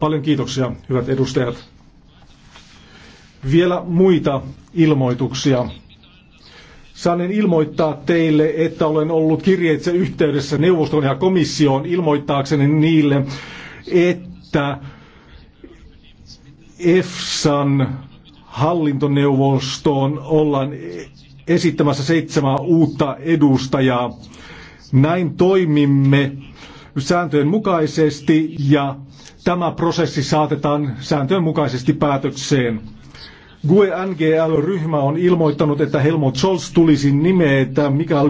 Paljon kiitoksia, hyvät edustajat. Vielä muita ilmoituksia. Saanen ilmoittaa teille, että olen ollut kirjeitse yhteydessä neuvoston ja komissioon ilmoittaakseni niille, että EFSAn hallintoneuvostoon ollaan esittämässä seitsemää uutta edustajaa. Näin toimimme sääntöjen mukaisesti ja tämä prosessi saatetaan sääntöjen mukaisesti päätökseen. GUE-NGL-ryhmä on ilmoittanut, että Helmut Scholz tulisi nimetä Mikael